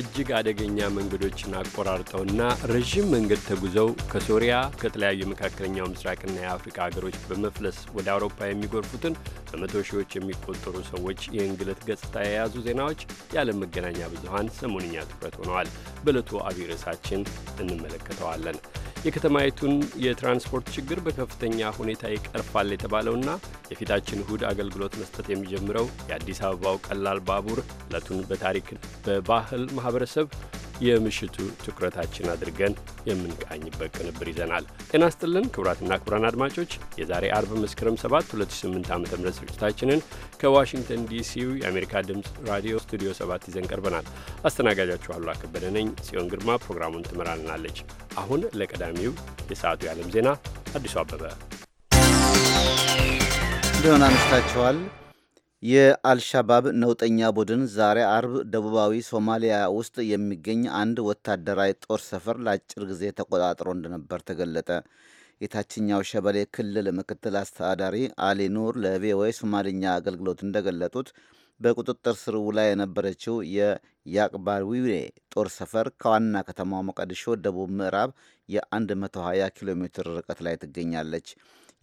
እጅግ አደገኛ መንገዶችን አቆራርጠውና ረዥም መንገድ ተጉዘው ከሶሪያ ከተለያዩ የመካከለኛው ምስራቅና የአፍሪካ ሀገሮች በመፍለስ ወደ አውሮፓ የሚጎርፉትን በመቶ ሺዎች የሚቆጠሩ ሰዎች የእንግልት ገጽታ የያዙ ዜናዎች የዓለም መገናኛ ብዙሀን ሰሞንኛ ትኩረት ሆነዋል። በዕለቱ አብይ ርዕሳችን እንመለከተዋለን። የከተማይቱን የትራንስፖርት ችግር በከፍተኛ ሁኔታ ይቀርፋል የተባለውና የፊታችን እሁድ አገልግሎት መስጠት የሚጀምረው የአዲስ አበባው ቀላል ባቡር እለቱን በታሪክ በባህል ማህበረሰብ የምሽቱ ትኩረታችን አድርገን የምንቃኝበት ቅንብር ይዘናል። ጤና ስጥልን ክቡራትና ክቡራን አድማጮች የዛሬ አርብ መስከረም 7 2008 ዓ ም ስርጭታችንን ከዋሽንግተን ዲሲው የአሜሪካ ድምፅ ራዲዮ ስቱዲዮ 7 ይዘን ቀርበናል። አስተናጋጃችሁ አሉላ ከበደ ነኝ። ጽዮን ግርማ ፕሮግራሙን ትመራልናለች። አሁን ለቀዳሚው የሰዓቱ የዓለም ዜና አዲሱ አበበ እንደሆነ አምሽታችኋል። የአልሻባብ ነውጠኛ ቡድን ዛሬ አርብ ደቡባዊ ሶማሊያ ውስጥ የሚገኝ አንድ ወታደራዊ ጦር ሰፈር ለአጭር ጊዜ ተቆጣጥሮ እንደነበር ተገለጠ። የታችኛው ሸበሌ ክልል ምክትል አስተዳዳሪ አሊ ኑር ለቪኦኤ ሶማልኛ አገልግሎት እንደገለጡት በቁጥጥር ስር ውላ የነበረችው የያቅባዊሬ ጦር ሰፈር ከዋና ከተማው ሞቃዲሾ ደቡብ ምዕራብ የ120 ኪሎ ሜትር ርቀት ላይ ትገኛለች።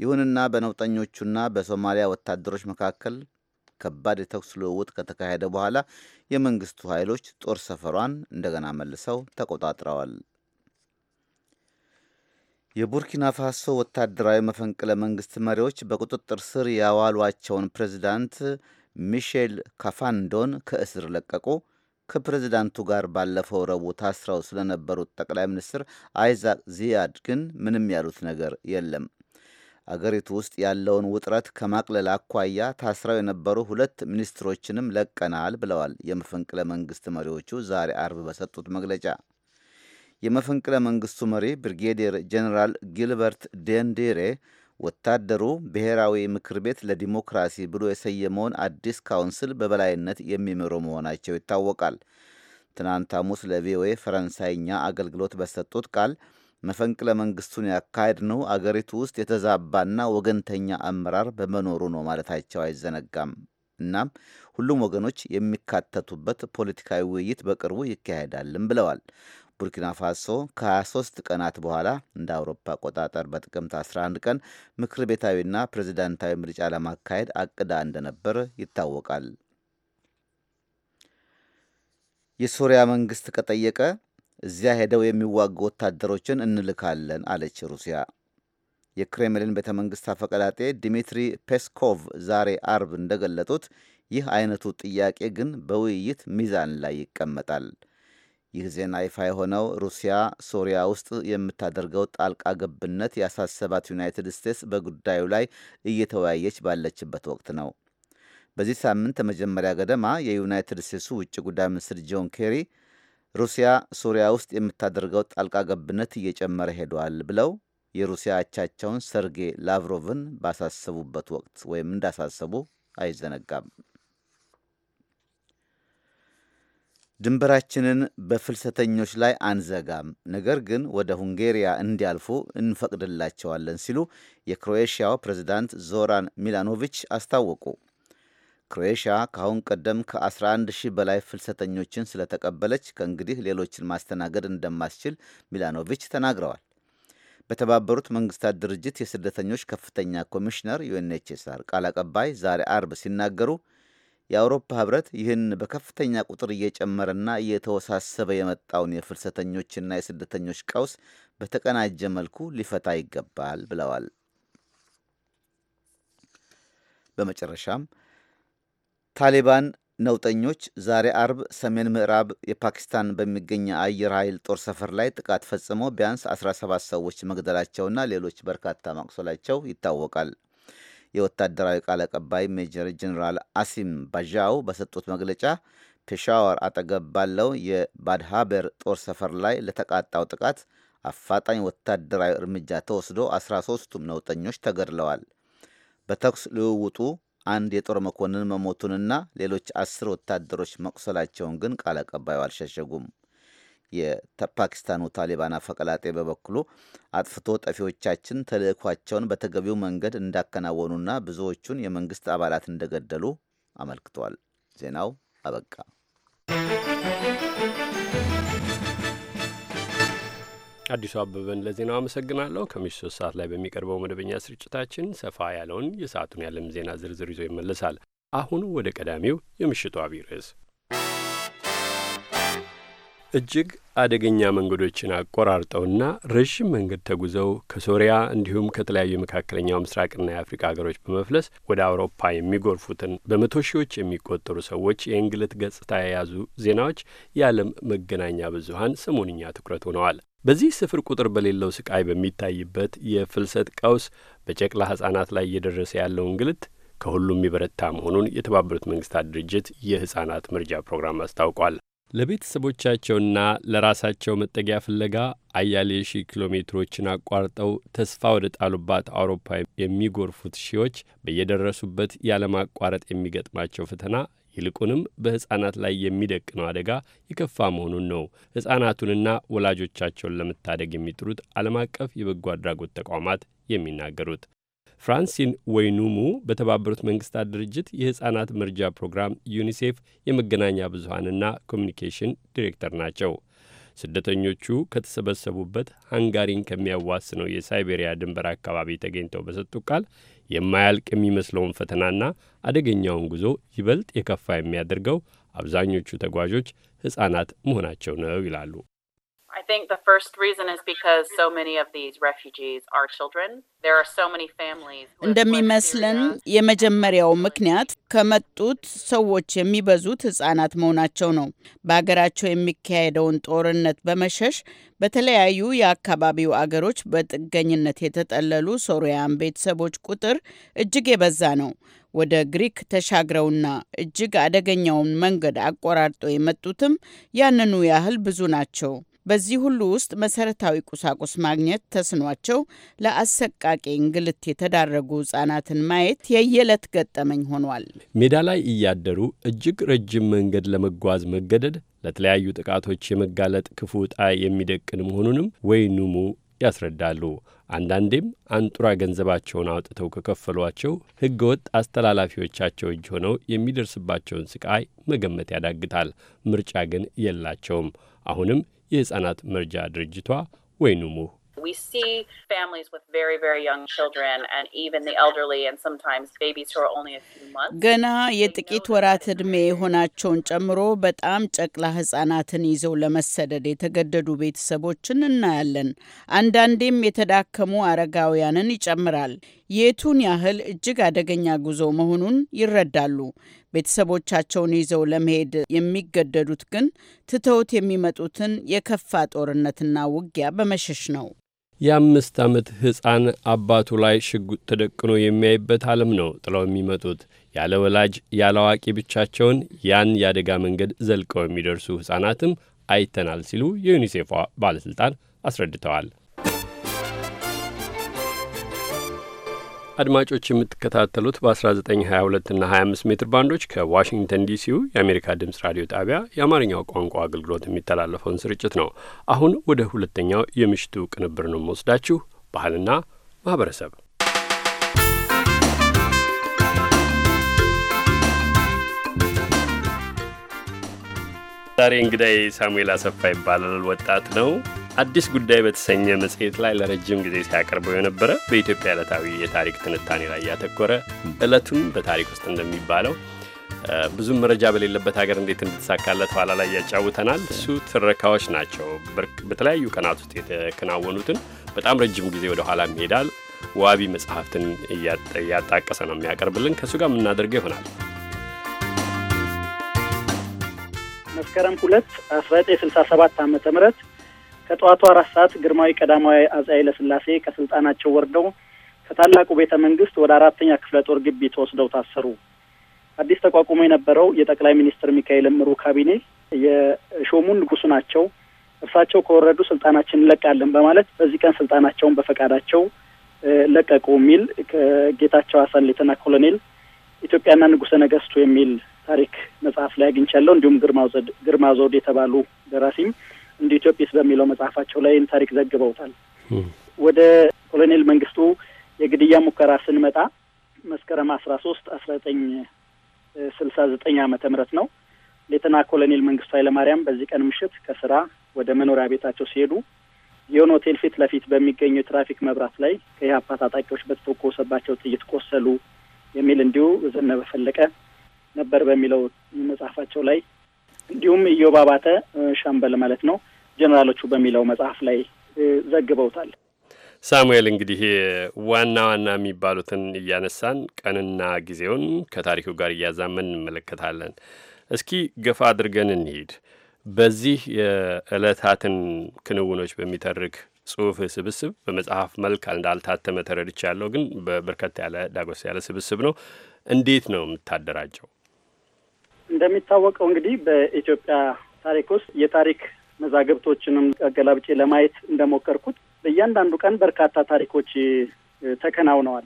ይሁንና በነውጠኞቹና በሶማሊያ ወታደሮች መካከል ከባድ የተኩስ ልውውጥ ከተካሄደ በኋላ የመንግስቱ ኃይሎች ጦር ሰፈሯን እንደገና መልሰው ተቆጣጥረዋል። የቡርኪና ፋሶ ወታደራዊ መፈንቅለ መንግስት መሪዎች በቁጥጥር ስር ያዋሏቸውን ፕሬዚዳንት ሚሼል ካፋንዶን ከእስር ለቀቁ። ከፕሬዚዳንቱ ጋር ባለፈው ረቡዕ ታስረው ስለነበሩት ጠቅላይ ሚኒስትር አይዛክ ዚያድ ግን ምንም ያሉት ነገር የለም። አገሪቱ ውስጥ ያለውን ውጥረት ከማቅለል አኳያ ታስረው የነበሩ ሁለት ሚኒስትሮችንም ለቀናል ብለዋል። የመፈንቅለ መንግስት መሪዎቹ ዛሬ አርብ በሰጡት መግለጫ የመፈንቅለ መንግስቱ መሪ ብሪጌዲየር ጀኔራል ጊልበርት ደንዴሬ ወታደሩ ብሔራዊ ምክር ቤት ለዲሞክራሲ ብሎ የሰየመውን አዲስ ካውንስል በበላይነት የሚመሩ መሆናቸው ይታወቃል። ትናንት ሐሙስ ለቪኦኤ ፈረንሳይኛ አገልግሎት በሰጡት ቃል መፈንቅለ መንግስቱን ያካሄድ ነው አገሪቱ ውስጥ የተዛባና ወገንተኛ አመራር በመኖሩ ነው ማለታቸው አይዘነጋም። እናም ሁሉም ወገኖች የሚካተቱበት ፖለቲካዊ ውይይት በቅርቡ ይካሄዳልም ብለዋል። ቡርኪና ፋሶ ከ23 ቀናት በኋላ እንደ አውሮፓ አቆጣጠር በጥቅምት 11 ቀን ምክር ቤታዊና ፕሬዚዳንታዊ ምርጫ ለማካሄድ አቅዳ እንደነበር ይታወቃል። የሶሪያ መንግስት ከጠየቀ እዚያ ሄደው የሚዋጉ ወታደሮችን እንልካለን አለች ሩሲያ። የክሬምሊን ቤተ መንግሥት አፈቀላጤ ዲሚትሪ ፔስኮቭ ዛሬ አርብ እንደገለጡት ይህ አይነቱ ጥያቄ ግን በውይይት ሚዛን ላይ ይቀመጣል። ይህ ዜና ይፋ የሆነው ሩሲያ ሶሪያ ውስጥ የምታደርገው ጣልቃ ገብነት ያሳሰባት ዩናይትድ ስቴትስ በጉዳዩ ላይ እየተወያየች ባለችበት ወቅት ነው። በዚህ ሳምንት መጀመሪያ ገደማ የዩናይትድ ስቴትሱ ውጭ ጉዳይ ሚኒስትር ጆን ኬሪ ሩሲያ ሱሪያ ውስጥ የምታደርገው ጣልቃ ገብነት እየጨመረ ሄደዋል ብለው የሩሲያ አቻቸውን ሰርጌ ላቭሮቭን ባሳሰቡበት ወቅት ወይም እንዳሳሰቡ አይዘነጋም። ድንበራችንን በፍልሰተኞች ላይ አንዘጋም፣ ነገር ግን ወደ ሁንጌሪያ እንዲያልፉ እንፈቅድላቸዋለን ሲሉ የክሮኤሽያው ፕሬዚዳንት ዞራን ሚላኖቪች አስታወቁ። ክሮኤሽያ ከአሁን ቀደም ከ11 ሺህ በላይ ፍልሰተኞችን ስለተቀበለች ከእንግዲህ ሌሎችን ማስተናገድ እንደማስችል ሚላኖቪች ተናግረዋል። በተባበሩት መንግስታት ድርጅት የስደተኞች ከፍተኛ ኮሚሽነር ዩኤንኤችሲአር ቃል አቀባይ ዛሬ አርብ ሲናገሩ የአውሮፓ ህብረት ይህን በከፍተኛ ቁጥር እየጨመረና እየተወሳሰበ የመጣውን የፍልሰተኞችና የስደተኞች ቀውስ በተቀናጀ መልኩ ሊፈታ ይገባል ብለዋል። በመጨረሻም ታሊባን ነውጠኞች ዛሬ አርብ ሰሜን ምዕራብ የፓኪስታን በሚገኝ አየር ኃይል ጦር ሰፈር ላይ ጥቃት ፈጽሞ ቢያንስ 17 ሰዎች መግደላቸውና ሌሎች በርካታ ማቁሰላቸው ይታወቃል። የወታደራዊ ቃል አቀባይ ሜጀር ጀኔራል አሲም ባዣው በሰጡት መግለጫ ፔሻወር አጠገብ ባለው የባድሃበር ጦር ሰፈር ላይ ለተቃጣው ጥቃት አፋጣኝ ወታደራዊ እርምጃ ተወስዶ 13ቱም ነውጠኞች ተገድለዋል። በተኩስ ልውውጡ አንድ የጦር መኮንን መሞቱንና ሌሎች አስር ወታደሮች መቁሰላቸውን ግን ቃል አቀባዩ አልሸሸጉም። የፓኪስታኑ ታሊባን አፈቀላጤ በበኩሉ አጥፍቶ ጠፊዎቻችን ተልእኳቸውን በተገቢው መንገድ እንዳከናወኑና ብዙዎቹን የመንግስት አባላት እንደገደሉ አመልክቷል። ዜናው አበቃ። አዲሱ አበበን ለዜናው አመሰግናለሁ። ከምሽቱ ሶስት ሰዓት ላይ በሚቀርበው መደበኛ ስርጭታችን ሰፋ ያለውን የሰዓቱን ያለም ዜና ዝርዝር ይዞ ይመለሳል። አሁን ወደ ቀዳሚው የምሽቱ አብይ ርዕስ እጅግ አደገኛ መንገዶችን አቆራርጠውና ረዥም መንገድ ተጉዘው ከሶሪያ እንዲሁም ከተለያዩ የመካከለኛው ምስራቅና የአፍሪካ ሀገሮች በመፍለስ ወደ አውሮፓ የሚጎርፉትን በመቶ ሺዎች የሚቆጠሩ ሰዎች የእንግልት ገጽታ የያዙ ዜናዎች የዓለም መገናኛ ብዙሀን ሰሞንኛ ትኩረት ሆነዋል። በዚህ ስፍር ቁጥር በሌለው ስቃይ በሚታይበት የፍልሰት ቀውስ በጨቅላ ሕጻናት ላይ እየደረሰ ያለው እንግልት ከሁሉም የበረታ መሆኑን የተባበሩት መንግስታት ድርጅት የሕጻናት ምርጃ ፕሮግራም አስታውቋል። ለቤተሰቦቻቸውና ለራሳቸው መጠጊያ ፍለጋ አያሌ ሺህ ኪሎ ሜትሮችን አቋርጠው ተስፋ ወደ ጣሉባት አውሮፓ የሚጎርፉት ሺዎች በየደረሱበት ያለማቋረጥ የሚገጥማቸው ፈተና ይልቁንም በሕፃናት ላይ የሚደቅነው አደጋ የከፋ መሆኑን ነው ሕፃናቱንና ወላጆቻቸውን ለመታደግ የሚጥሩት ዓለም አቀፍ የበጎ አድራጎት ተቋማት የሚናገሩት። ፍራንሲን ወይኑሙ በተባበሩት መንግስታት ድርጅት የሕፃናት መርጃ ፕሮግራም ዩኒሴፍ የመገናኛ ብዙሀንና ኮሚኒኬሽን ዲሬክተር ናቸው። ስደተኞቹ ከተሰበሰቡበት ሃንጋሪን ከሚያዋስነው የሳይቤሪያ ድንበር አካባቢ ተገኝተው በሰጡ ቃል የማያልቅ የሚመስለውን ፈተናና አደገኛውን ጉዞ ይበልጥ የከፋ የሚያደርገው አብዛኞቹ ተጓዦች ሕፃናት መሆናቸው ነው ይላሉ። I think the first reason is because so many of these refugees are children. There are so many families. እንደሚመስልን የመጀመሪያው ምክንያት ከመጡት ሰዎች የሚበዙት ህጻናት መሆናቸው ነው። በሀገራቸው የሚካሄደውን ጦርነት በመሸሽ በተለያዩ የአካባቢው አገሮች በጥገኝነት የተጠለሉ ሶሪያን ቤተሰቦች ቁጥር እጅግ የበዛ ነው። ወደ ግሪክ ተሻግረውና እጅግ አደገኛውን መንገድ አቆራርጦ የመጡትም ያንኑ ያህል ብዙ ናቸው። በዚህ ሁሉ ውስጥ መሰረታዊ ቁሳቁስ ማግኘት ተስኗቸው ለአሰቃቂ እንግልት የተዳረጉ ህጻናትን ማየት የየዕለት ገጠመኝ ሆኗል። ሜዳ ላይ እያደሩ እጅግ ረጅም መንገድ ለመጓዝ መገደድ ለተለያዩ ጥቃቶች የመጋለጥ ክፉ ዕጣ የሚደቅን መሆኑንም ወይኑሙ ያስረዳሉ። አንዳንዴም አንጡራ ገንዘባቸውን አውጥተው ከከፈሏቸው ወጥ አስተላላፊዎቻቸው እጅ ሆነው የሚደርስባቸውን ስቃይ መገመት ያዳግታል። ምርጫ ግን የላቸውም። አሁንም የሕፃናት መርጃ ድርጅቷ ወይኑሙ We see families with very, very young children and even the elderly and sometimes babies who are only a few months. ገና የጥቂት ወራት ዕድሜ የሆናቸውን ጨምሮ በጣም ጨቅላ ህጻናትን ይዘው ለመሰደድ የተገደዱ ቤተሰቦችን እናያለን። አንዳንዴም የተዳከሙ አረጋውያንን ይጨምራል። የቱን ያህል እጅግ አደገኛ ጉዞ መሆኑን ይረዳሉ። ቤተሰቦቻቸውን ይዘው ለመሄድ የሚገደዱት ግን ትተውት የሚመጡትን የከፋ ጦርነትና ውጊያ በመሸሽ ነው። የአምስት ዓመት ሕፃን አባቱ ላይ ሽጉጥ ተደቅኖ የሚያይበት ዓለም ነው ጥለው የሚመጡት ያለ ወላጅ ያለ አዋቂ ብቻቸውን ያን የአደጋ መንገድ ዘልቀው የሚደርሱ ሕፃናትም አይተናል ሲሉ የዩኒሴፍ ባለሥልጣን አስረድተዋል። አድማጮች የምትከታተሉት በ1922 እና 25 ሜትር ባንዶች ከዋሽንግተን ዲሲው የአሜሪካ ድምፅ ራዲዮ ጣቢያ የአማርኛው ቋንቋ አገልግሎት የሚተላለፈውን ስርጭት ነው። አሁን ወደ ሁለተኛው የምሽቱ ቅንብር ነው መወስዳችሁ። ባህልና ማህበረሰብ ዛሬ እንግዳይ ሳሙኤል አሰፋ ይባላል። ወጣት ነው። አዲስ ጉዳይ በተሰኘ መጽሔት ላይ ለረጅም ጊዜ ሲያቀርበው የነበረ በኢትዮጵያ ዕለታዊ የታሪክ ትንታኔ ላይ ያተኮረ ዕለቱን በታሪክ ውስጥ እንደሚባለው ብዙም መረጃ በሌለበት ሀገር እንዴት እንድትሳካለት ኋላ ላይ ያጫውተናል። እሱ ትረካዎች ናቸው። በተለያዩ ቀናት ውስጥ የተከናወኑትን በጣም ረጅም ጊዜ ወደ ኋላ ይሄዳል። ዋቢ መጽሐፍትን እያጣቀሰ ነው የሚያቀርብልን። ከእሱ ጋር የምናደርገው ይሆናል። መስከረም ሁለት አስራ ዘጠኝ ስልሳ ሰባት ዓመተ ምህረት ከጠዋቱ አራት ሰዓት ግርማዊ ቀዳማዊ አፄ ኃይለ ስላሴ ከስልጣናቸው ወርደው ከታላቁ ቤተ መንግስት ወደ አራተኛ ክፍለ ጦር ግቢ ተወስደው ታሰሩ። አዲስ ተቋቁሞ የነበረው የጠቅላይ ሚኒስትር ሚካኤል እምሩ ካቢኔ የሾሙ ንጉሱ ናቸው፣ እርሳቸው ከወረዱ ስልጣናችን እንለቃለን በማለት በዚህ ቀን ስልጣናቸውን በፈቃዳቸው ለቀቁ የሚል ከጌታቸው አሳን ሌተና ኮሎኔል ኢትዮጵያና ንጉሰ ነገስቱ የሚል ታሪክ መጽሐፍ ላይ አግኝቻለሁ። እንዲሁም ግርማ ዘውድ የተባሉ ደራሲም እንደ ኢትዮጵስ በሚለው መጽሐፋቸው ላይ ታሪክ ዘግበውታል። ወደ ኮሎኔል መንግስቱ የግድያ ሙከራ ስንመጣ መስከረም አስራ ሶስት አስራ ዘጠኝ ስልሳ ዘጠኝ አመተ ምህረት ነው። ሌተና ኮሎኔል መንግስቱ ኃይለማርያም በዚህ ቀን ምሽት ከስራ ወደ መኖሪያ ቤታቸው ሲሄዱ የሆነ ሆቴል ፊት ለፊት በሚገኘው የትራፊክ መብራት ላይ ከኢህአፓ ታጣቂዎች በተተኮሰባቸው ጥይት ቆሰሉ የሚል እንዲሁ ዘነበ ፈለቀ ነበር በሚለው መጽሐፋቸው ላይ እንዲሁም ኢዮብ አባተ ሻምበል ማለት ነው ጀኔራሎቹ በሚለው መጽሐፍ ላይ ዘግበውታል። ሳሙኤል እንግዲህ ዋና ዋና የሚባሉትን እያነሳን ቀንና ጊዜውን ከታሪኩ ጋር እያዛመን እንመለከታለን። እስኪ ገፋ አድርገን እንሂድ። በዚህ የዕለታትን ክንውኖች በሚተርክ ጽሁፍ ስብስብ በመጽሐፍ መልክ እንዳልታተመ ተረድቻለሁ። ግን በበርከት ያለ ዳጎስ ያለ ስብስብ ነው። እንዴት ነው የምታደራጀው? እንደሚታወቀው እንግዲህ በኢትዮጵያ ታሪክ ውስጥ የታሪክ መዛግብቶችንም አገላብጬ ለማየት እንደሞከርኩት በእያንዳንዱ ቀን በርካታ ታሪኮች ተከናውነዋል።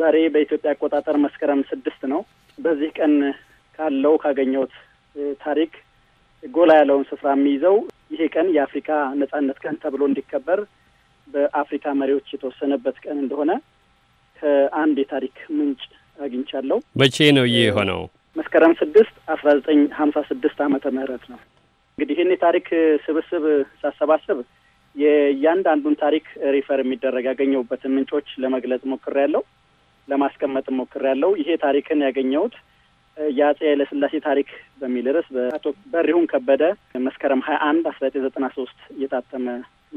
ዛሬ በኢትዮጵያ አቆጣጠር መስከረም ስድስት ነው። በዚህ ቀን ካለው ካገኘሁት ታሪክ ጎላ ያለውን ስፍራ የሚይዘው ይሄ ቀን የአፍሪካ ነጻነት ቀን ተብሎ እንዲከበር በአፍሪካ መሪዎች የተወሰነበት ቀን እንደሆነ ከአንድ የታሪክ ምንጭ አግኝቻለሁ። መቼ ነው ይህ የሆነው? መስከረም ስድስት አስራ ዘጠኝ ሀምሳ ስድስት አመተ ምህረት ነው። እንግዲህ ይህን የታሪክ ስብስብ ሳሰባስብ የእያንዳንዱን ታሪክ ሪፈር የሚደረግ ያገኘሁበትን ምንጮች ለመግለጽ ሞክሬያለሁ፣ ለማስቀመጥ ሞክሬያለሁ። ይሄ ታሪክን ያገኘሁት የአጼ ኃይለስላሴ ታሪክ በሚል ርዕስ በአቶ በሪሁን ከበደ መስከረም ሀያ አንድ አስራ ዘጠኝ ዘጠና ሶስት የታተመ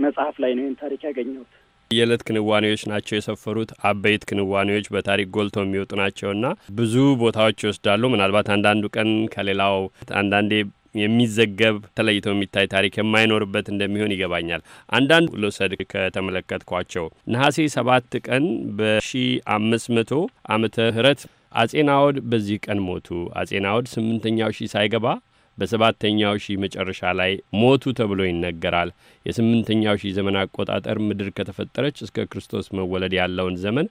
መጽሐፍ ላይ ነው ይህን ታሪክ ያገኘሁት። የዕለት ክንዋኔዎች ናቸው የሰፈሩት። አበይት ክንዋኔዎች በታሪክ ጎልቶ የሚወጡ ናቸውና ብዙ ቦታዎች ይወስዳሉ። ምናልባት አንዳንዱ ቀን ከሌላው አንዳንዴ የሚዘገብ ተለይቶ የሚታይ ታሪክ የማይኖርበት እንደሚሆን ይገባኛል። አንዳንድ ልውሰድ ከተመለከትኳቸው ነሐሴ ሰባት ቀን በ1500 ዓመተ ምህረት አጼ ናኦድ በዚህ ቀን ሞቱ። አጼ ናኦድ ስምንተኛው ሺህ ሳይገባ በሰባተኛው ሺህ መጨረሻ ላይ ሞቱ ተብሎ ይነገራል። የስምንተኛው ሺህ ዘመን አቆጣጠር ምድር ከተፈጠረች እስከ ክርስቶስ መወለድ ያለውን ዘመን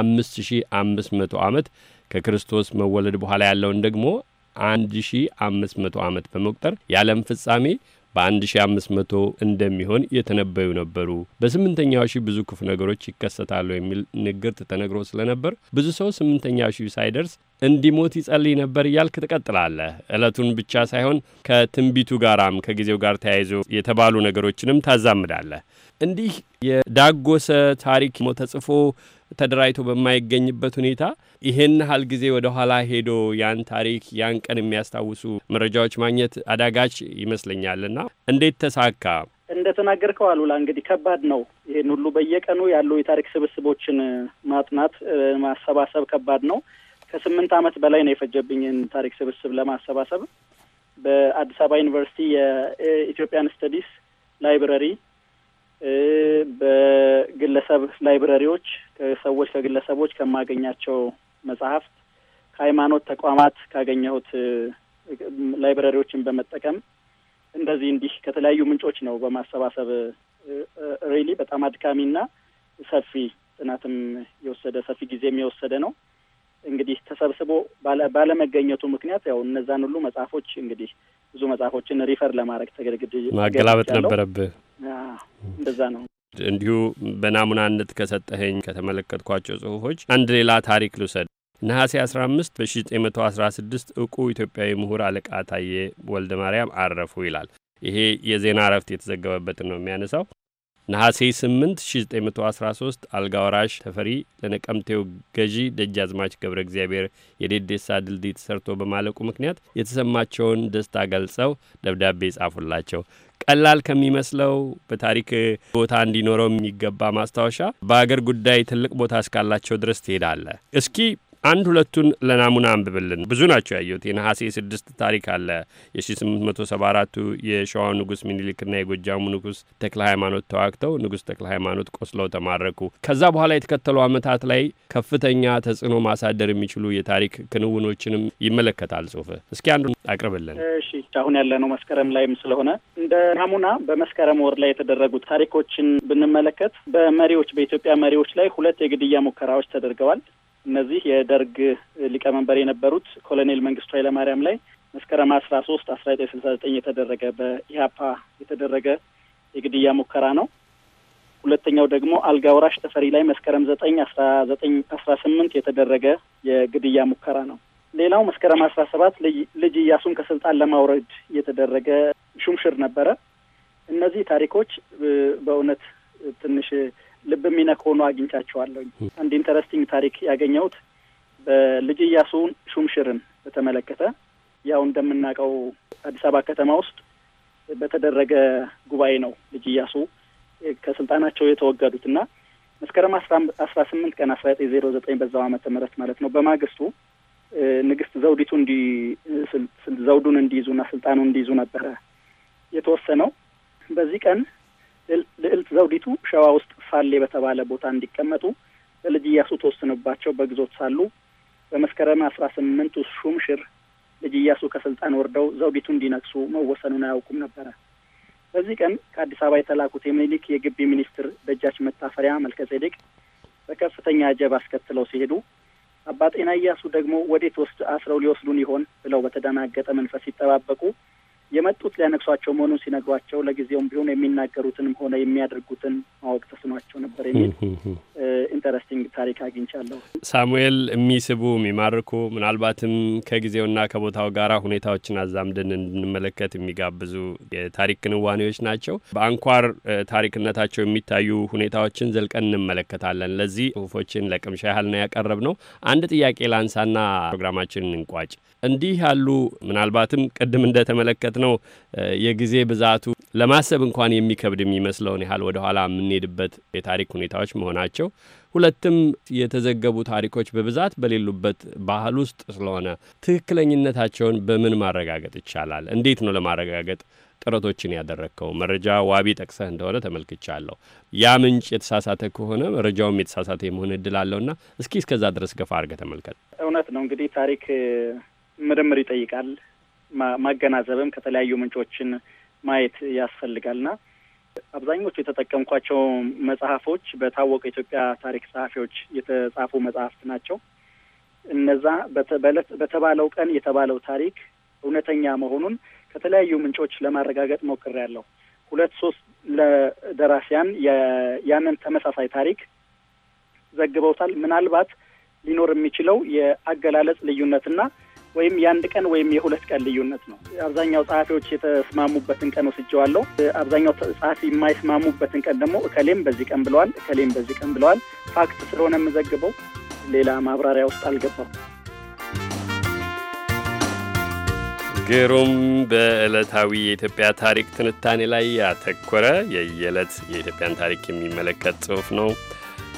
አምስት ሺህ አምስት መቶ ዓመት ከክርስቶስ መወለድ በኋላ ያለውን ደግሞ አንድ ሺህ አምስት መቶ ዓመት በመቁጠር የዓለም ፍጻሜ በ1500 እንደሚሆን የተነበዩ ነበሩ። በስምንተኛው ሺህ ብዙ ክፉ ነገሮች ይከሰታሉ የሚል ንግርት ተነግሮ ስለነበር ብዙ ሰው ስምንተኛው ሺህ ሳይደርስ እንዲሞት ይጸልይ ነበር እያልክ ትቀጥላለህ። ዕለቱን ብቻ ሳይሆን ከትንቢቱ ጋራም ከጊዜው ጋር ተያይዞ የተባሉ ነገሮችንም ታዛምዳለህ። እንዲህ የዳጎሰ ታሪክ ተጽፎ ተደራጅቶ በማይገኝበት ሁኔታ ይህን ያህል ጊዜ ወደ ኋላ ሄዶ ያን ታሪክ ያን ቀን የሚያስታውሱ መረጃዎች ማግኘት አዳጋች ይመስለኛልና እንዴት ተሳካ? እንደተናገርከው አሉላ እንግዲህ ከባድ ነው። ይህን ሁሉ በየቀኑ ያሉ የታሪክ ስብስቦችን ማጥናት ማሰባሰብ ከባድ ነው። ከስምንት ዓመት በላይ ነው የፈጀብኝን ታሪክ ስብስብ ለማሰባሰብ በአዲስ አበባ ዩኒቨርሲቲ የኢትዮጵያን ስተዲስ ላይብረሪ በግለሰብ ላይብረሪዎች ከሰዎች ከግለሰቦች ከማገኛቸው መጽሐፍት ከሃይማኖት ተቋማት ካገኘሁት ላይብረሪዎችን በመጠቀም እንደዚህ እንዲህ ከተለያዩ ምንጮች ነው በማሰባሰብ ሬሊ በጣም አድካሚና ሰፊ ጥናትም የወሰደ ሰፊ ጊዜም የወሰደ ነው። እንግዲህ ተሰብስቦ ባለመገኘቱ ምክንያት ያው እነዛን ሁሉ መጽሐፎች እንግዲህ ብዙ መጽሐፎችን ሪፈር ለማድረግ ተገድግድ ማገላበጥ ነበረብህ። እንደዛ ነው። እንዲሁ በናሙናነት ከሰጠኸኝ ከተመለከትኳቸው ጽሁፎች አንድ ሌላ ታሪክ ልውሰድ። ነሐሴ 15 በ1916 እውቁ ኢትዮጵያዊ ምሁር አለቃ ታዬ ወልደ ማርያም አረፉ ይላል። ይሄ የዜና እረፍት የተዘገበበትን ነው የሚያነሳው። ነሐሴ 8 913 አልጋ ወራሽ ተፈሪ ለነቀምቴው ገዢ ደጃዝማች ገብረ እግዚአብሔር የዴዴሳ ድልድይ ተሰርቶ በማለቁ ምክንያት የተሰማቸውን ደስታ ገልጸው ደብዳቤ ጻፉላቸው። ቀላል ከሚመስለው በታሪክ ቦታ እንዲኖረው የሚገባ ማስታወሻ በአገር ጉዳይ ትልቅ ቦታ እስካላቸው ድረስ ትሄዳለ። እስኪ አንድ ሁለቱን ለናሙና አንብብልን። ብዙ ናቸው ያየሁት። የነሐሴ ስድስት ታሪክ አለ። የ874ቱ የሸዋ ንጉሥ ሚኒሊክና የጎጃሙ ንጉሥ ተክለ ሃይማኖት ተዋግተው ንጉሥ ተክለ ሃይማኖት ቆስለው ተማረኩ። ከዛ በኋላ የተከተሉ ዓመታት ላይ ከፍተኛ ተጽዕኖ ማሳደር የሚችሉ የታሪክ ክንውኖችንም ይመለከታል ጽሁፍ። እስኪ አንዱ አቅርብልን። እሺ፣ አሁን ያለነው መስከረም ላይም ስለሆነ እንደ ናሙና በመስከረም ወር ላይ የተደረጉት ታሪኮችን ብንመለከት በመሪዎች በኢትዮጵያ መሪዎች ላይ ሁለት የግድያ ሙከራዎች ተደርገዋል። እነዚህ የደርግ ሊቀመንበር የነበሩት ኮሎኔል መንግስቱ ኃይለማርያም ላይ መስከረም አስራ ሶስት አስራ ዘጠኝ ስልሳ ዘጠኝ የተደረገ በኢህአፓ የተደረገ የግድያ ሙከራ ነው። ሁለተኛው ደግሞ አልጋ ተፈሪ ላይ መስከረም ዘጠኝ አስራ ዘጠኝ አስራ ስምንት የተደረገ የግድያ ሙከራ ነው። ሌላው መስከረም አስራ ሰባት ልጅ እያሱን ከስልጣን ለማውረድ የተደረገ ሹምሽር ነበረ። እነዚህ ታሪኮች በእውነት ትንሽ ልብ የሚነክ ሆኖ አግኝቻቸዋለሁኝ። አንድ ኢንተረስቲንግ ታሪክ ያገኘሁት በልጅ እያሱን ሹምሽርን በተመለከተ ያው እንደምናውቀው አዲስ አበባ ከተማ ውስጥ በተደረገ ጉባኤ ነው ልጅ እያሱ ከስልጣናቸው የተወገዱት እና መስከረም አስራ ስምንት ቀን አስራ ዘጠኝ ዜሮ ዘጠኝ በዛው ዓመተ ምህረት ማለት ነው። በማግስቱ ንግስት ዘውዲቱ እንዲ ዘውዱን እንዲይዙና ስልጣኑን እንዲይዙ ነበረ የተወሰነው። በዚህ ቀን ልዕልት ዘውዲቱ ሸዋ ውስጥ ፋሌ በተባለ ቦታ እንዲቀመጡ ለልጅ እያሱ ተወስኖባቸው በግዞት ሳሉ በመስከረም አስራ ስምንቱ ሹም ሽር ልጅ እያሱ ከስልጣን ወርደው ዘውዲቱ እንዲነግሱ መወሰኑን አያውቁም ነበረ። በዚህ ቀን ከአዲስ አበባ የተላኩት የሚኒሊክ የግቢ ሚኒስትር ደጃች መታፈሪያ ጼዴቅ በከፍተኛ አጀብ አስከትለው ሲሄዱ አባጤና እያሱ ደግሞ ወዴት ወስድ አስረው ሊወስዱን ይሆን ብለው በተደናገጠ መንፈስ ሲጠባበቁ የመጡት ሊያነግሷቸው መሆኑን ሲነግሯቸው ለጊዜውም ቢሆን የሚናገሩትንም ሆነ የሚያደርጉትን ማወቅ ተስኗቸው ነበር የሚል ኢንተረስቲንግ ታሪክ አግኝቻለሁ። ሳሙኤል፣ የሚስቡ የሚማርኩ ምናልባትም ከጊዜውና ከቦታው ጋር ሁኔታዎችን አዛምድን እንድንመለከት የሚጋብዙ የታሪክ ክንዋኔዎች ናቸው። በአንኳር ታሪክነታቸው የሚታዩ ሁኔታዎችን ዘልቀን እንመለከታለን። ለዚህ ጽሁፎችን ለቅምሻ ያህል ነው ያቀረብ ነው። አንድ ጥያቄ ላንሳና ፕሮግራማችንን እንቋጭ። እንዲህ ያሉ ምናልባትም ቅድም እንደተመለከት ነው የጊዜ ብዛቱ ለማሰብ እንኳን የሚከብድ የሚመስለውን ያህል ወደ ኋላ የምንሄድበት የታሪክ ሁኔታዎች መሆናቸው፣ ሁለትም የተዘገቡ ታሪኮች በብዛት በሌሉበት ባህል ውስጥ ስለሆነ ትክክለኝነታቸውን በምን ማረጋገጥ ይቻላል? እንዴት ነው ለማረጋገጥ ጥረቶችን ያደረግከው? መረጃ ዋቢ ጠቅሰህ እንደሆነ ተመልክቻለሁ። ያ ምንጭ የተሳሳተ ከሆነ መረጃውም የተሳሳተ የመሆን እድል አለውና እስኪ እስከዛ ድረስ ገፋ አድርገህ ተመልከት። እውነት ነው እንግዲህ ታሪክ ምርምር ይጠይቃል። ማገናዘብም ከተለያዩ ምንጮችን ማየት ያስፈልጋልና አብዛኞቹ የተጠቀምኳቸው መጽሐፎች በታወቁ የኢትዮጵያ ታሪክ ጸሐፊዎች የተጻፉ መጽሐፍት ናቸው። እነዛ በተባለው ቀን የተባለው ታሪክ እውነተኛ መሆኑን ከተለያዩ ምንጮች ለማረጋገጥ ሞክሬያለሁ። ሁለት ሶስት ለደራሲያን ያንን ተመሳሳይ ታሪክ ዘግበውታል። ምናልባት ሊኖር የሚችለው የአገላለጽ ልዩነትና ወይም የአንድ ቀን ወይም የሁለት ቀን ልዩነት ነው። አብዛኛው ጸሐፊዎች የተስማሙበትን ቀን ወስጀዋለሁ። አብዛኛው ጸሐፊ የማይስማሙበትን ቀን ደግሞ እከሌም በዚህ ቀን ብለዋል፣ እከሌም በዚህ ቀን ብለዋል። ፋክት ስለሆነ የምዘግበው ሌላ ማብራሪያ ውስጥ አልገባም። ግሩም በዕለታዊ የኢትዮጵያ ታሪክ ትንታኔ ላይ ያተኮረ የየዕለት የኢትዮጵያን ታሪክ የሚመለከት ጽሑፍ ነው።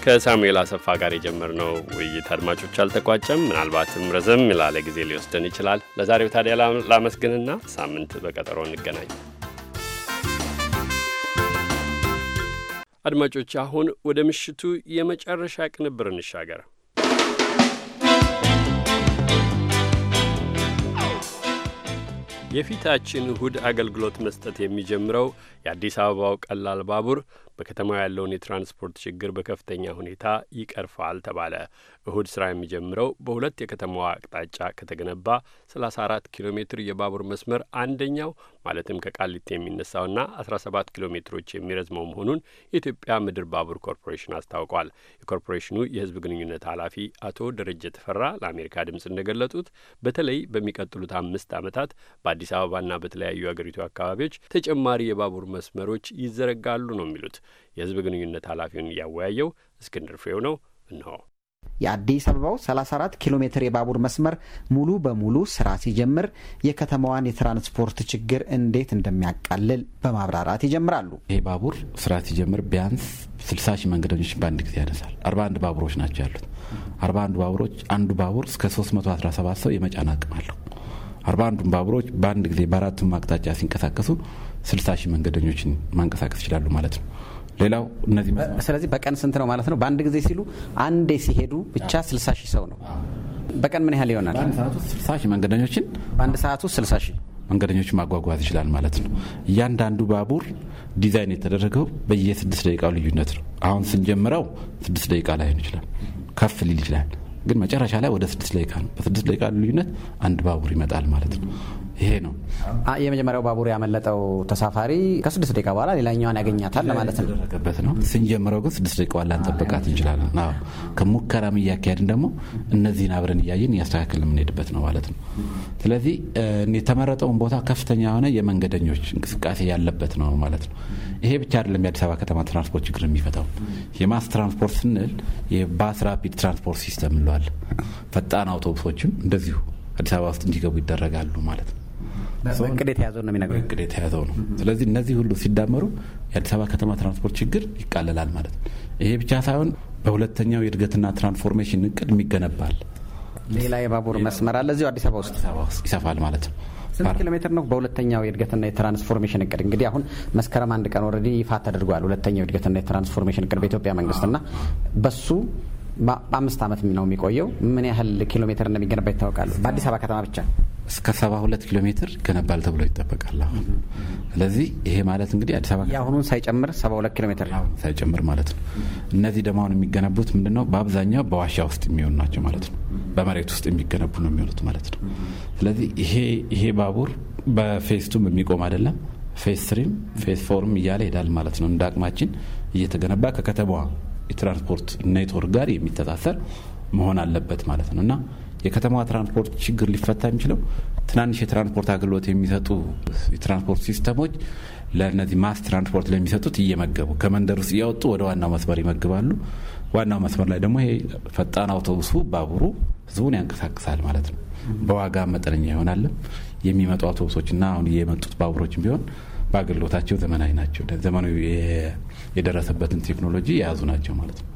ከሳሙኤል አሰፋ ጋር የጀመርነው ውይይት አድማጮች አልተቋጨም። ምናልባትም ረዘም ላለ ጊዜ ሊወስደን ይችላል። ለዛሬው ታዲያ ላመስግንና ሳምንት በቀጠሮ እንገናኝ። አድማጮች አሁን ወደ ምሽቱ የመጨረሻ ቅንብር እንሻገር። የፊታችን እሁድ አገልግሎት መስጠት የሚጀምረው የአዲስ አበባው ቀላል ባቡር በከተማው ያለውን የትራንስፖርት ችግር በከፍተኛ ሁኔታ ይቀርፋል ተባለ። እሁድ ስራ የሚጀምረው በሁለት የከተማዋ አቅጣጫ ከተገነባ ሰላሳ አራት ኪሎ ሜትር የባቡር መስመር አንደኛው ማለትም ከቃሊቲ የሚነሳውና አስራ ሰባት ኪሎ ሜትሮች የሚረዝመው መሆኑን የኢትዮጵያ ምድር ባቡር ኮርፖሬሽን አስታውቋል። የኮርፖሬሽኑ የህዝብ ግንኙነት ኃላፊ አቶ ደረጀ ተፈራ ለአሜሪካ ድምጽ እንደገለጡት በተለይ በሚቀጥሉት አምስት ዓመታት በአዲስ አበባና በተለያዩ አገሪቱ አካባቢዎች ተጨማሪ የባቡር መስመሮች ይዘረጋሉ ነው የሚሉት። የህዝብ ግንኙነት ኃላፊውን እያወያየው እስክንድር ፍሬው ነው። እንሆ የአዲስ አበባው 34 ኪሎ ሜትር የባቡር መስመር ሙሉ በሙሉ ስራ ሲጀምር የከተማዋን የትራንስፖርት ችግር እንዴት እንደሚያቃልል በማብራራት ይጀምራሉ። ይሄ ባቡር ስራ ሲጀምር ቢያንስ 60 ሺህ መንገደኞችን በአንድ ጊዜ ያነሳል። 41 ባቡሮች ናቸው ያሉት። 41 ባቡሮች አንዱ ባቡር እስከ 317 ሰው የመጫን አቅም አለው። ባቡሮች በአንድ ጊዜ በአራቱም አቅጣጫ ሲንቀሳቀሱ 60 ሺህ መንገደኞችን ማንቀሳቀስ ይችላሉ ማለት ነው። ሌላው እነዚህ ስለዚህ በቀን ስንት ነው ማለት ነው? በአንድ ጊዜ ሲሉ አንዴ ሲሄዱ ብቻ ስልሳ ሺህ ሰው ነው። በቀን ምን ያህል ይሆናል? በአንድ ሺህ መንገደኞችን በአንድ ሰዓት ውስጥ ሺህ መንገደኞችን ማጓጓዝ ይችላል ማለት ነው። እያንዳንዱ ባቡር ዲዛይን የተደረገው በየስድስት ደቂቃው ልዩነት ነው። አሁን ስንጀምረው ስድስት ደቂቃ ላይሆን ይችላል፣ ከፍ ሊል ይችላል። ግን መጨረሻ ላይ ወደ ስድስት ደቂቃ ነው። በስድስት ደቂቃ ልዩነት አንድ ባቡር ይመጣል ማለት ነው። ይሄ ነው የመጀመሪያው ባቡር ያመለጠው ተሳፋሪ ከስድስት ደቂቃ በኋላ ሌላኛዋን ያገኛታል ለማለት ነው የተደረገበት ነው። ስንጀምረው ግን ስድስት ደቂቃ በኋላ ላንጠብቃት እንችላለን። ከሙከራም እያካሄድን ደግሞ እነዚህን አብረን እያየን እያስተካከል የምንሄድበት ነው ማለት ነው። ስለዚህ የተመረጠውን ቦታ ከፍተኛ የሆነ የመንገደኞች እንቅስቃሴ ያለበት ነው ማለት ነው። ይሄ ብቻ አይደለም የአዲስ አበባ ከተማ ትራንስፖርት ችግር የሚፈታው። የማስ ትራንስፖርት ስንል የባስ ራፒድ ትራንስፖርት ሲስተም እንለዋለን። ፈጣን አውቶቡሶችም እንደዚሁ አዲስ አበባ ውስጥ እንዲገቡ ይደረጋሉ ማለት ነው። በእቅድ የተያዘው ነው የሚነግረው። በእቅድ የተያዘው ነው። ስለዚህ እነዚህ ሁሉ ሲዳመሩ የአዲስ አበባ ከተማ ትራንስፖርት ችግር ይቃለላል ማለት ነው። ይሄ ብቻ ሳይሆን በሁለተኛው የእድገትና ትራንስፎርሜሽን እቅድ የሚገነባል ሌላ የባቡር መስመር አለ እዚሁ አዲስ አበባ ውስጥ ይሰፋል ማለት ነው። ስንት ኪሎ ሜትር ነው? በሁለተኛው የእድገትና የትራንስፎርሜሽን እቅድ እንግዲህ አሁን መስከረም አንድ ቀን ወረዲ ይፋ ተደርጓል። ሁለተኛው የእድገትና የትራንስፎርሜሽን እቅድ በኢትዮጵያ መንግስትና በሱ በአምስት ዓመት ነው የሚቆየው። ምን ያህል ኪሎ ሜትር እንደሚገነባ ይታወቃሉ? በአዲስ አበባ ከተማ ብቻ እስከ 72 ኪሎ ሜትር ይገነባል ተብሎ ይጠበቃል። አሁን ስለዚህ ይሄ ማለት እንግዲህ አዲስ አበባ የአሁኑን ሳይጨምር 72 ኪሎ ሜትር ሳይጨምር ማለት ነው። እነዚህ ደግሞ አሁን የሚገነቡት ምንድነው በአብዛኛው በዋሻ ውስጥ የሚሆኑ ናቸው ማለት ነው። በመሬት ውስጥ የሚገነቡ ነው የሚሆኑት ማለት ነው። ስለዚህ ይሄ ይሄ ባቡር በፌስቱም የሚቆም አይደለም። ፌስ ስሪም ፌስ ፎርም እያለ ይሄዳል ማለት ነው። እንደ አቅማችን እየተገነባ ከከተማዋ የትራንስፖርት ኔትወርክ ጋር የሚተሳሰር መሆን አለበት ማለት ነው እና የከተማዋ ትራንስፖርት ችግር ሊፈታ የሚችለው ትናንሽ የትራንስፖርት አገልግሎት የሚሰጡ የትራንስፖርት ሲስተሞች ለእነዚህ ማስ ትራንስፖርት ለሚሰጡት እየመገቡ ከመንደር ውስጥ እያወጡ ወደ ዋናው መስመር ይመግባሉ። ዋናው መስመር ላይ ደግሞ ይሄ ፈጣን አውቶቡሱ ባቡሩ ህዝቡን ያንቀሳቅሳል ማለት ነው። በዋጋ መጠነኛ ይሆናልም። የሚመጡ አውቶቡሶችና አሁን የመጡት ባቡሮችም ቢሆን በአገልግሎታቸው ዘመናዊ ናቸው። ዘመኑ የደረሰበትን ቴክኖሎጂ የያዙ ናቸው ማለት ነው።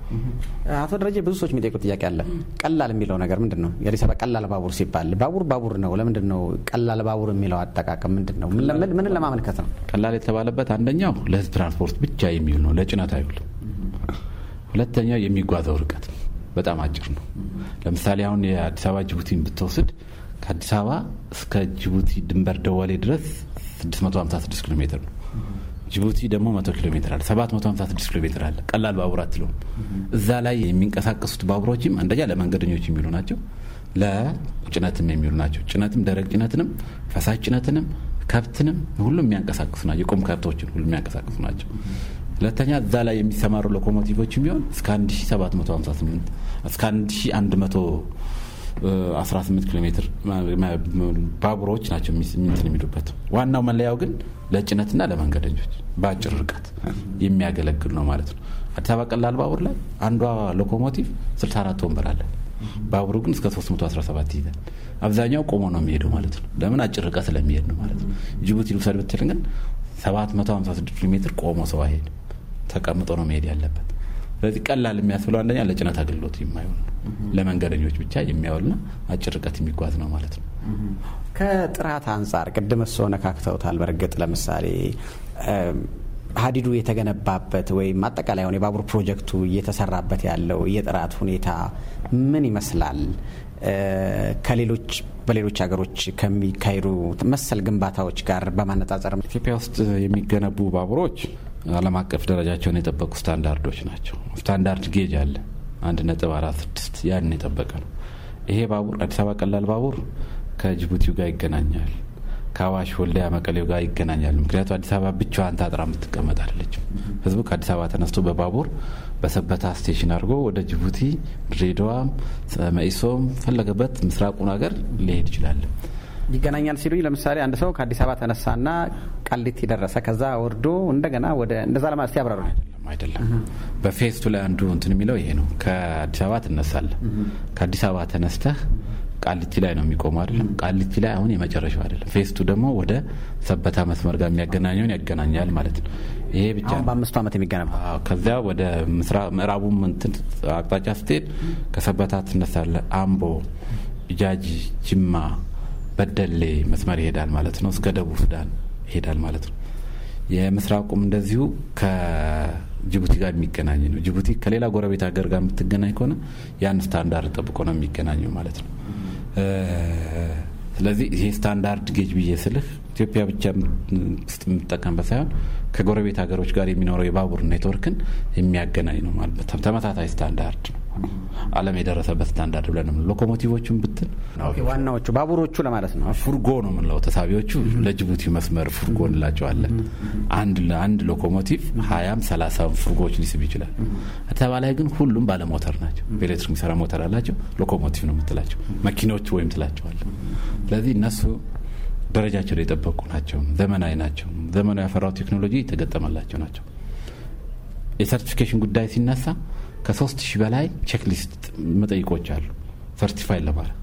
አቶ ደረጀ ብዙ ሰዎች የሚጠይቁት ጥያቄ አለ። ቀላል የሚለው ነገር ምንድን ነው? የአዲስ አበባ ቀላል ባቡር ሲባል ባቡር ባቡር ነው። ለምንድን ነው ቀላል ባቡር የሚለው አጠቃቀም ምንድን ነው? ምንን ለማመልከት ነው? ቀላል የተባለበት አንደኛው ለህዝብ ትራንስፖርት ብቻ የሚውል ነው፣ ለጭነት አይውል። ሁለተኛው የሚጓዘው ርቀት በጣም አጭር ነው። ለምሳሌ አሁን የአዲስ አበባ ጅቡቲን ብትወስድ ከአዲስ አበባ እስከ ጅቡቲ ድንበር ደወሌ ድረስ 656 ኪሎ ሜትር ነው። ጅቡቲ ደግሞ መቶ ኪሎ ሜትር አለ፣ 756 ኪሎ ሜትር አለ። ቀላል ባቡር አትለውም። እዛ ላይ የሚንቀሳቀሱት ባቡሮችም አንደኛ ለመንገደኞች የሚሉ ናቸው፣ ለጭነትም የሚሉ ናቸው። ጭነትም ደረቅ ጭነትንም ፈሳሽ ጭነትንም ከብትንም ሁሉም የሚያንቀሳቅሱ ናቸው። የቆም ከብቶችን ሁሉ የሚያንቀሳቅሱ ናቸው። ሁለተኛ እዛ ላይ የሚሰማሩ ሎኮሞቲቮች ቢሆን እስከ 1758 እስከ 1100 18 ኪሎ ሜትር ባቡሮች ናቸው እንትን የሚሉበት። ዋናው መለያው ግን ለጭነትና ለመንገደኞች በአጭር ርቀት የሚያገለግል ነው ማለት ነው። አዲስ አበባ ቀላል ባቡር ላይ አንዷ ሎኮሞቲቭ 64 ወንበር አለ። ባቡሩ ግን እስከ 317 ይይዛል። አብዛኛው ቆሞ ነው የሚሄደው ማለት ነው። ለምን አጭር ርቀት ስለሚሄድ ነው ማለት ነው። ጅቡቲ ልውሰድ ብትል ግን 756 ኪሎ ሜትር ቆሞ ሰው አይሄድም፣ ተቀምጦ ነው መሄድ ያለበት። ስለዚህ ቀላል የሚያስብለው አንደኛ ለጭነት አገልግሎት የማይሆን ለመንገደኞች ብቻ የሚያውልና አጭር ርቀት የሚጓዝ ነው ማለት ነው። ከጥራት አንጻር ቅድም እሶ ነካክተውታል። በእርግጥ ለምሳሌ ሀዲዱ የተገነባበት ወይም አጠቃላይ አሁን የባቡር ፕሮጀክቱ እየተሰራበት ያለው የጥራት ሁኔታ ምን ይመስላል? ከሌሎች በሌሎች ሀገሮች ከሚካሄዱ መሰል ግንባታዎች ጋር በማነጻጸር ኢትዮጵያ ውስጥ የሚገነቡ ባቡሮች ዓለም አቀፍ ደረጃቸውን የጠበቁ ስታንዳርዶች ናቸው። ስታንዳርድ ጌጅ አለ አንድ ነጥብ አራት ስድስት ያን የጠበቀ ነው። ይሄ ባቡር አዲስ አበባ ቀላል ባቡር ከጅቡቲው ጋር ይገናኛል። ከአዋሽ ወልዲያ መቀሌው ጋር ይገናኛል። ምክንያቱ አዲስ አበባ ብቻዋን ታጥራ የምትቀመጥ አይደለችም። ህዝቡ ከአዲስ አበባ ተነስቶ በባቡር በሰበታ ስቴሽን አድርጎ ወደ ጅቡቲ፣ ድሬዳዋ፣ መኢሶም ፈለገበት ምስራቁን ሀገር ሊሄድ ይችላለን። ይገናኛል ሲሉኝ፣ ለምሳሌ አንድ ሰው ከአዲስ አበባ ተነሳና ቃሊቲ ደረሰ፣ ከዛ ወርዶ እንደገና ወደ እንደዛ ለማለት ያብራሩ። አይደለም በፌዝ ቱ ላይ አንዱ እንትን የሚለው ይሄ ነው። ከአዲስ አበባ ትነሳለህ። ከአዲስ አበባ ተነስተህ ቃሊቲ ላይ ነው የሚቆመው አይደለም። ቃሊቲ ላይ አሁን የመጨረሻው አይደለም። ፌስቱ ቱ ደግሞ ወደ ሰበታ መስመር ጋር የሚያገናኘውን ያገናኛል ማለት ነው። ይሄ ብቻ በአምስቱ ዓመት የሚገነባ ከዚያ ወደ ምዕራቡም እንትን አቅጣጫ ስትሄድ ከሰበታ ትነሳለ አምቦ፣ ጃጂ፣ ጅማ በደሌ መስመር ይሄዳል ማለት ነው። እስከ ደቡብ ሱዳን ይሄዳል ማለት ነው። የምስራቁም እንደዚሁ ከጅቡቲ ጋር የሚገናኝ ነው። ጅቡቲ ከሌላ ጎረቤት ሀገር ጋር የምትገናኝ ከሆነ ያን ስታንዳርድ ጠብቆ ነው የሚገናኘው ማለት ነው። ስለዚህ ይሄ ስታንዳርድ ጌጅ ብዬ ስልህ ኢትዮጵያ ብቻ ውስጥ የምጠቀምበት ሳይሆን ከጎረቤት ሀገሮች ጋር የሚኖረው የባቡር ኔትወርክን የሚያገናኝ ነው ማለት ተመሳሳይ ስታንዳርድ ነው። ዓለም የደረሰበት ስታንዳርድ ብለን ምን ሎኮሞቲቮቹን ብትል ዋናዎቹ ባቡሮቹ ለማለት ነው። ፉርጎ ነው የምንለው። ተሳቢዎቹ ለጅቡቲ መስመር ፉርጎ እንላቸዋለን። አንድ ሎኮሞቲቭ ሀያም ሰላሳም ፉርጎዎች ሊስብ ይችላል። አዲስ ላይ ግን ሁሉም ባለሞተር ናቸው። በኤሌክትሪክ የሚሰራ ሞተር አላቸው። ሎኮሞቲቭ ነው የምትላቸው መኪናዎቹ ወይም ትላቸዋለ። ስለዚህ እነሱ ደረጃቸውን የጠበቁ ናቸው። ዘመናዊ ናቸው። ዘመናዊ ያፈራው ቴክኖሎጂ የተገጠመላቸው ናቸው። የሰርቲፊኬሽን ጉዳይ ሲነሳ ከሶስት ሺህ በላይ ቼክሊስት መጠይቆች አሉ ሰርቲፋይ ለማድረግ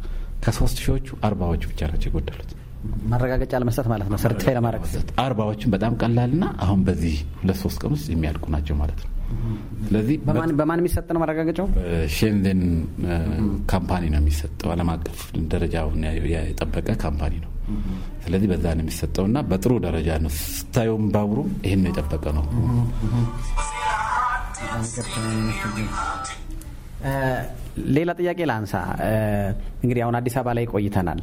ከሶስት ሺዎቹ አርባዎቹ ብቻ ናቸው የጎደሉት። ማረጋገጫ ለመስጠት ማለት ነው። ሰርቲፋይ ለማድረግ አርባዎቹን በጣም ቀላልና አሁን በዚህ ሁለት ሶስት ቀን ውስጥ የሚያልቁ ናቸው ማለት ነው። ስለዚህ በማን የሚሰጥ ነው ማረጋገጫው? ሼንዜን ካምፓኒ ነው የሚሰጠው። ዓለም አቀፍ ደረጃውን የጠበቀ ካምፓኒ ነው። ስለዚህ በዛ ነው የሚሰጠውና በጥሩ ደረጃ ነው ስታየውም ባቡሩ ይህን ነው የጠበቀ ነው። ሌላ ጥያቄ ላንሳ። እንግዲህ አሁን አዲስ አበባ ላይ ቆይተናል።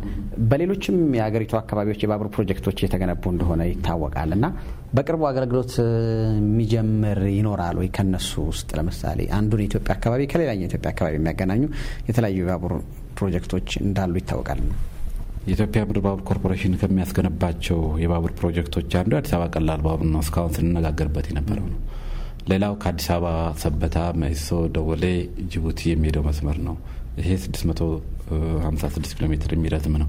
በሌሎችም የሀገሪቱ አካባቢዎች የባቡር ፕሮጀክቶች እየተገነቡ እንደሆነ ይታወቃል እና በቅርቡ አገልግሎት የሚጀምር ይኖራል ወይ? ከነሱ ውስጥ ለምሳሌ አንዱን የኢትዮጵያ አካባቢ ከሌላኛው የኢትዮጵያ አካባቢ የሚያገናኙ የተለያዩ የባቡር ፕሮጀክቶች እንዳሉ ይታወቃል። የኢትዮጵያ ምድር ባቡር ኮርፖሬሽን ከሚያስገነባቸው የባቡር ፕሮጀክቶች አንዱ የአዲስ አበባ ቀላል ባቡር ነው። እስካሁን ስንነጋገርበት የነበረው ነው። ሌላው ከአዲስ አበባ ሰበታ፣ መኢሶ፣ ደወሌ፣ ጅቡቲ የሚሄደው መስመር ነው። ይሄ 656 ኪሎ ሜትር የሚረዝም ነው።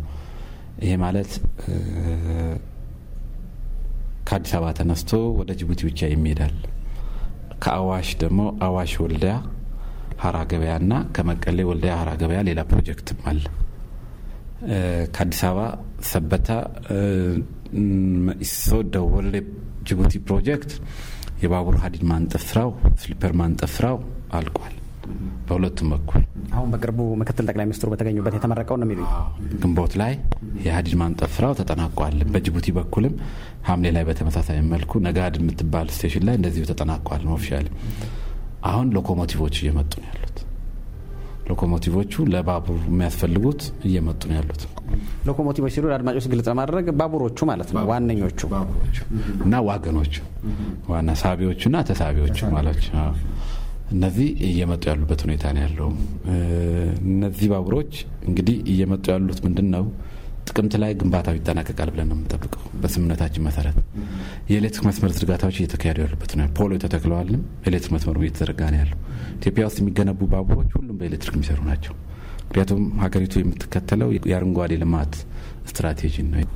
ይሄ ማለት ከአዲስ አበባ ተነስቶ ወደ ጅቡቲ ብቻ ይሄዳል። ከአዋሽ ደግሞ አዋሽ ወልዲያ ሀራ ገበያ እና ከመቀሌ ወልዲያ ሀራ ገበያ ሌላ ፕሮጀክትም አለ። ከአዲስ አበባ ሰበታ፣ መኢሶ፣ ደወሌ፣ ጅቡቲ ፕሮጀክት የባቡር ሀዲድ ማንጠፍራው ስሊፐር ማንጠፍራው አልቋል። በሁለቱም በኩል አሁን በቅርቡ ምክትል ጠቅላይ ሚኒስትሩ በተገኙበት የተመረቀው ነው የሚሉኝ። ግንቦት ላይ የሀዲድ ማንጠፍራው ተጠናቋል። በጅቡቲ በኩልም ሐምሌ ላይ በተመሳሳይ መልኩ ነጋድ የምትባል ስቴሽን ላይ እንደዚሁ ተጠናቋል ነው ኦፊሻል። አሁን ሎኮሞቲቮች እየመጡ ነው ያሉት። ሎኮሞቲቮቹ ለባቡር የሚያስፈልጉት እየመጡ ነው ያሉት። ሎኮሞቲቮች ሲሉ ለአድማጮች ግልጽ ለማድረግ ባቡሮቹ ማለት ነው፣ ዋነኞቹ እና ዋገኖቹ ዋና ሳቢዎቹና ተሳቢዎቹ ማለት እነዚህ እየመጡ ያሉበት ሁኔታ ነው ያለው። እነዚህ ባቡሮች እንግዲህ እየመጡ ያሉት ምንድን ነው ጥቅምት ላይ ግንባታው ይጠናቀቃል ብለን ነው የምንጠብቀው። በስምምነታችን መሰረት የኤሌክትሪክ መስመር ዝርጋታዎች እየተካሄዱ ያሉበት ነው። ፖሎ ተተክለዋልም፣ ኤሌክትሪክ መስመሩ እየተዘረጋ ነው ያለው። ኢትዮጵያ ውስጥ የሚገነቡ ባቡሮች ሁሉም በኤሌክትሪክ የሚሰሩ ናቸው። ምክንያቱም ሀገሪቱ የምትከተለው የአረንጓዴ ልማት ስትራቴጂ ነው።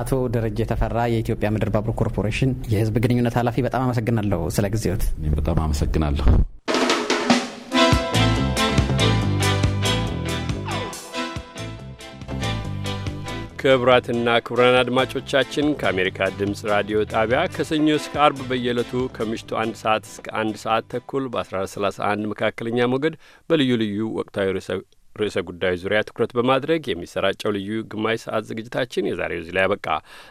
አቶ ደረጀ ተፈራ የኢትዮጵያ ምድር ባቡር ኮርፖሬሽን የህዝብ ግንኙነት ኃላፊ፣ በጣም አመሰግናለሁ ስለ ጊዜዎት። በጣም አመሰግናለሁ። ክቡራትና ክቡራን አድማጮቻችን ከአሜሪካ ድምፅ ራዲዮ ጣቢያ ከሰኞ እስከ አርብ በየዕለቱ ከምሽቱ አንድ ሰዓት እስከ አንድ ሰዓት ተኩል በ1431 መካከለኛ ሞገድ በልዩ ልዩ ወቅታዊ ርዕሰ ጉዳዮች ዙሪያ ትኩረት በማድረግ የሚሰራጨው ልዩ ግማሽ ሰዓት ዝግጅታችን የዛሬው እዚህ ላይ ያበቃ።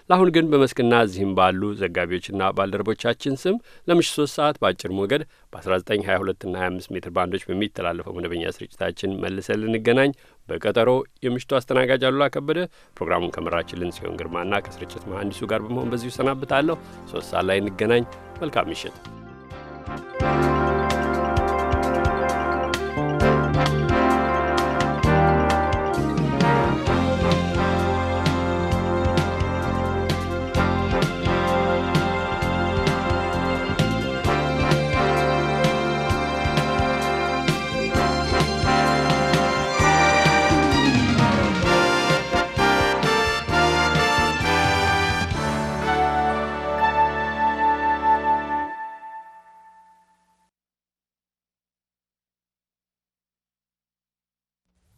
ለአሁን ግን በመስክና እዚህም ባሉ ዘጋቢዎችና ባልደረቦቻችን ስም ለምሽት ሶስት ሰዓት በአጭር ሞገድ በ1922ና 25 ሜትር ባንዶች በሚተላለፈው መደበኛ ስርጭታችን መልሰን ልንገናኝ በቀጠሮ የምሽቱ አስተናጋጅ አሉላ ከበደ ፕሮግራሙን ከመራችልን ሲሆን ግርማና ከስርጭት መሐንዲሱ ጋር በመሆን በዚሁ ሰናብታለሁ። ሶስት ሰዓት ላይ እንገናኝ። መልካም ምሽት።